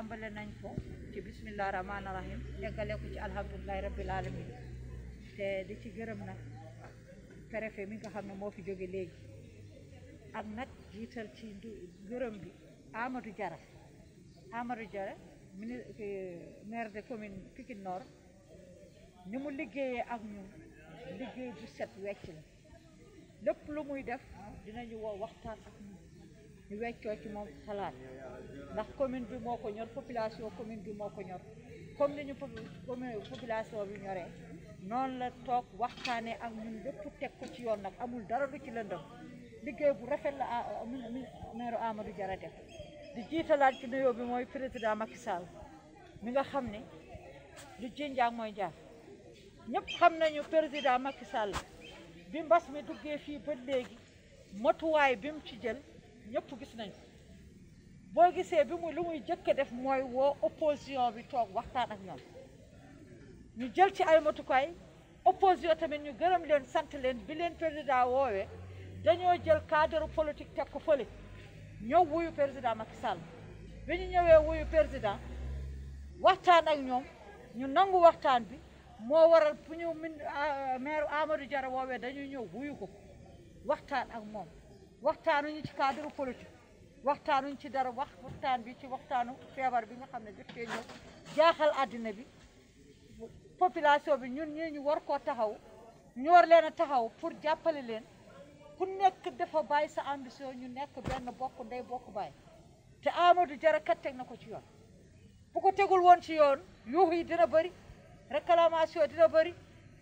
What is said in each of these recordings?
tàmbale nañ ko ci bisimilah rahmaani rahim eggale ko ci alhamdulilahi rabbil alamin te di ci gërëm nag préfet mi nga xam ne moo fi jóge léegi ak nag jiital ci gërëm bi Amadou jara Amadou jara ministre maire de commune Pikine ni mu liggéeye ak ñun liggéey bu set wecc la lépp lu muy def dinañu woo waxtaan ak ñun ñu weccoo ci moom xalaat ndax commune bi moo ko ñor population commune bi moo ko ñor comme ni ñu population bi ñoree noonu la toog waxtaanee ak ñun lépp teg ko ci yoon nag amul dara lu ci lëndëm liggéey bu rafet la ah, ah, maire Amadou Diarra def di jiitalaat ci nuyoo bi mooy président Macky Sall mi nga xam ne lu jinjaag mooy jaar ñëpp xam nañu président Macky Sall bi mbas mi duggee fii ba léegi motuwaay bi mu ci jël yëpp gis nañ boo gisee bi mu lu muy jëkk a def mooy woo opposition bi toog waxtaan ak ñoom ñu jël ci ay matukaay opposition tamit ñu gërëm leen sant leen bi leen président woowee dañoo jël cadre politique teg ko fële ñëw wuyu président Macky Sall bi ñu ñëwee wuyu président waxtaan ak ñoom ñu nangu waxtaan bi moo waral bu ñu min ah, maire Amadou woowe woowee dañuy ñëw wuyu ko waxtaan ak moom waxtaanuñu ci cadre politique waxtaanuñ ci dara wax waxtaan bi ci waxtaanu feebar bi nga xam ne daf fee ñëw jaaxal àddina bi population bi ñun ñii ñu war koo taxaw ñu leen a taxaw pour jàppale leen ku nekk fa bàyyi sa ambition ñu nekk benn bokk ndey bokku bàyyi te Amadou jarakat teg na ko ci yoon bu ko tegul woon ci yoon yuux yi dina bëri réclamation dina bëri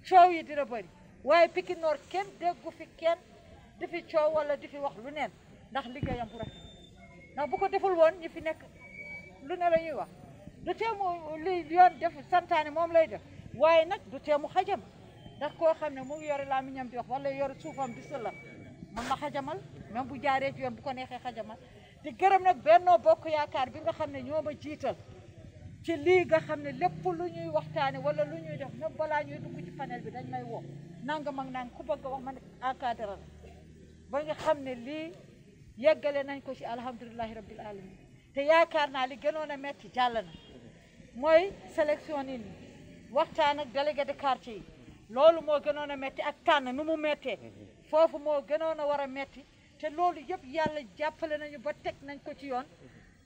coow yi dina bëri waaye Pikine Nord kenn déggu fi kenn di fi coow wala di fi wax lu neen ndax liggéeyam bu rafet ndax bu ko deful woon ñi fi nekk lu ne la ñuy wax du teemu li yoon def santaane moom lay def waaye nag du teemu xajam ndax koo xam ne mu ngi yore ñam di wax wala yore suufam di sëlla mën na xajamal même bu jaaree ci yoon bu ko neexee xajamal di gërëm nag Benno Bokk Yaakaar bi nga xam ne ñoo ma jiital ci lii nga xam ne lépp lu ñuy waxtaane wala lu ñuy def même balaa ñuy dugg ci panel bi dañ may woo nangam ak nang ku bëgg a wax ba nga xam ne lii yeggale nañ ko ci alhamdulilahi rabbil alamin te yaakaar naa li gënoon a metti jàll mooy sélection nit waxtaan ak délégué de quartier yi loolu moo gënoon a metti ak tànn nu mu mettee foofu moo gënoon a war a metti te loolu yëpp yàlla jàppale nañu ba teg nañ ko ci yoon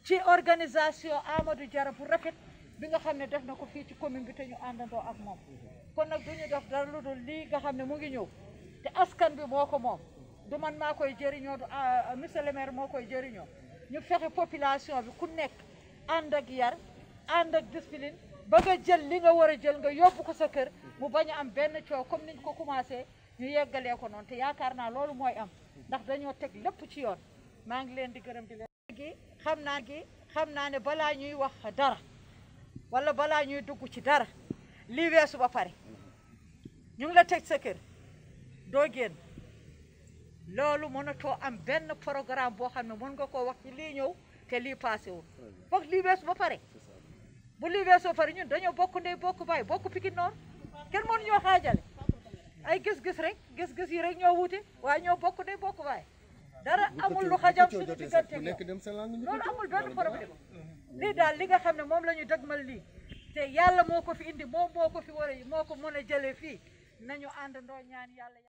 ci organisation Amadou Diarra bu rafet bi nga xam ne def na ko fii ci commune bi te ñu àndandoo ak moom kon nag du ñu def dara lu dul lii nga xam ne mu ngi ñëw te askan bi moo ko moom du man maa koy jëriñoo du ah, ah, monsieur le maire moo koy jëriñoo ñu fexe population bi ku nekk ànd ak yar ànd ak discipline ba nga jël li nga war a jël nga yóbbu ko sa kër mu bañ a am benn coow comme niñ ko commencé ñu yeggalee ko noonu te yaakaar naa loolu mooy am ndax dañoo teg lépp ci yoon maa ngi leen di gërëm di leen gi xam naa gi xam naa ne balaa ñuy wax dara wala balaa ñuy dugg ci dara lii weesu ba pare ñu la teg sa kër doo génn loolu mënatoo am benn programme boo xam ne mën nga koo wax ci lii ñëw te lii passé wul foog lii weesu ba pare bu lii weesu ba pare ñun dañoo bokk ndey bokk baay bokk Pikine Nord kenn mënu ñoo xaajale ay gis-gis rek gis-gis yi rek ñoo wuti waaye ñoo bokk ndey bokk baay dara amul lu xajam suñu diggante loolu amul benn problème lii daal li nga xam ne moom la ñu dëgmal lii te yàlla moo ko fi indi moom moo ko fi war a moo ko mën a jëlee fii nañu àndandoo ñaan yàlla